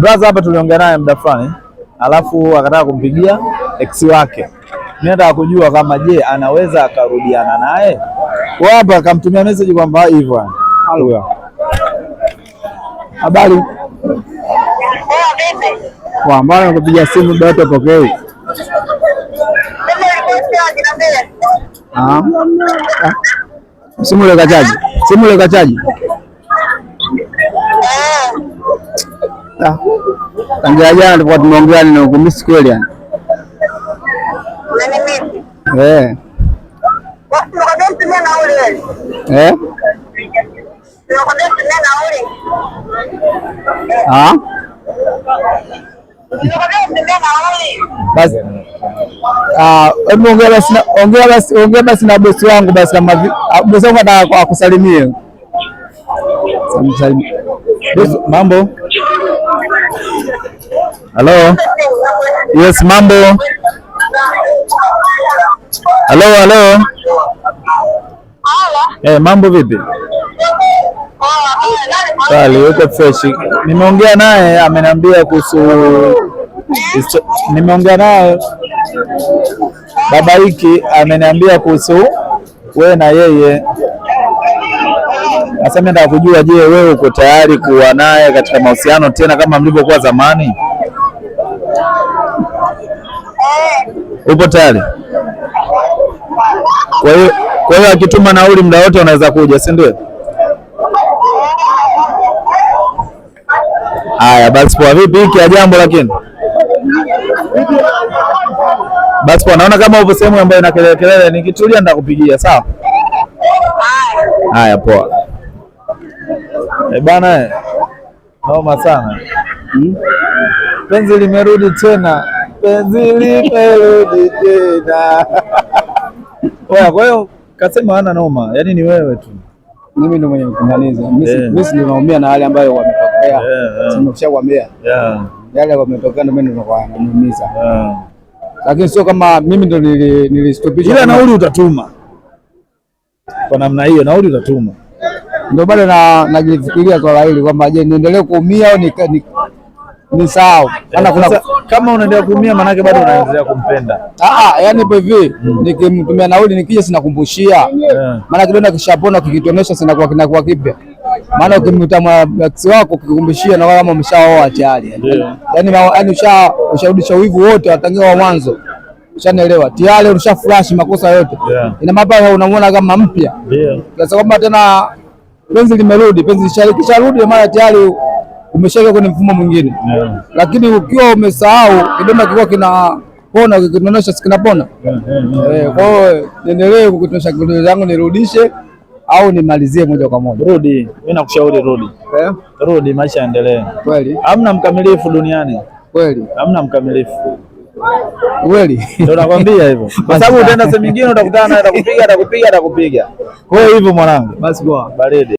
Brother hapa tuliongea naye muda fulani, alafu akataka kumpigia ex wake. Mimi nataka kujua kama je, anaweza akarudiana naye kwa hapa. Akamtumia message kwamba hivyo, halo, habari kwa mbona nakupigia simu data pokei? Ah. Ah. simu ile kachaji, simu ile kachaji Ah. Tangia jana tulikuwa tumeongea na kumisi kweli yani. Eh. Eh? Ah? Eh. ah basi ongea basi na bosi wangu basi, kama ah, bosi wangu atakusalimia. Mambo Hello. Yes, mambo. Hello, hello. Hey, eh, mambo vipi? Kali, uko fresh. Nimeongea naye ameniambia kuhusu nimeongea naye baba hiki ameniambia kuhusu wewe na yeye sasa mimi nataka kujua, je, wewe uko tayari kuwa naye katika mahusiano tena kama mlivyokuwa zamani? Eh. Upo tayari? Kwa hiyo kwa hiyo akituma nauli muda wote unaweza kuja, si ndio? Haya basi, poa. Vipi hiki ya jambo lakini basi poa, naona kama upo sehemu ambayo ina kelele kelele, nikitulia nitakupigia, sawa? Haya poa. E bana, eh, naoma sana hmm? Penzi limerudi tena, penzi limerudi tena kwa hiyo kasema hana noma, yaani ni wewe tu, mimi ndio mwenye kumaliza. Mimi eh. ndio naumia na hali ambayo wametokea, nimeshakwambia yale wametokea, ndio mimi naumiza, lakini sio kama mimi ndio nilistopisha. Ila nauli utatuma kwa namna hiyo, nauli utatuma ndio bado najifikiria swala hili kwamba je, niendelee kuumia au ni, ni, ni sawa maana kuna kama unaendelea kuumia maanake bado unaendelea kumpenda. Ah, ah yani ipo hivi mm. Nikimtumia nauli nikija sinakumbushia yeah. Maana kidonda kishapona kikitonesha sinakuwa kinakuwa kipya maana ukimuita mwaksi wako ukikumbushia na wala kama umeshaoa tayari yeah. Yani usha usharudisha wivu wote watangia wa mwanzo ushanielewa tayari ushafurashi makosa yote yeah. Ina maana unamuona kama mpya yeah. Kiasi kwamba tena penzi limerudi, penzi kisharudi maana tayari umeshaika kwenye mfumo mwingine yeah. Lakini ukiwa umesahau kidonda kilikuwa kinapona, ukikitonesha kinapona. Kwa hiyo niendelee kukitonesha kidonda changu, nirudishe au nimalizie moja kwa moja? Rudi, mimi nakushauri rudi, yeah. Rudi, maisha yaendelee. Kweli hamna mkamilifu duniani, kweli hamna mkamilifu kweli ndio nakwambia hivyo, kwa sababu utaenda sehemu nyingine utakutana atakupiga atakupiga atakupiga. Kwa hiyo hivyo mwanangu, basi poa, baridi.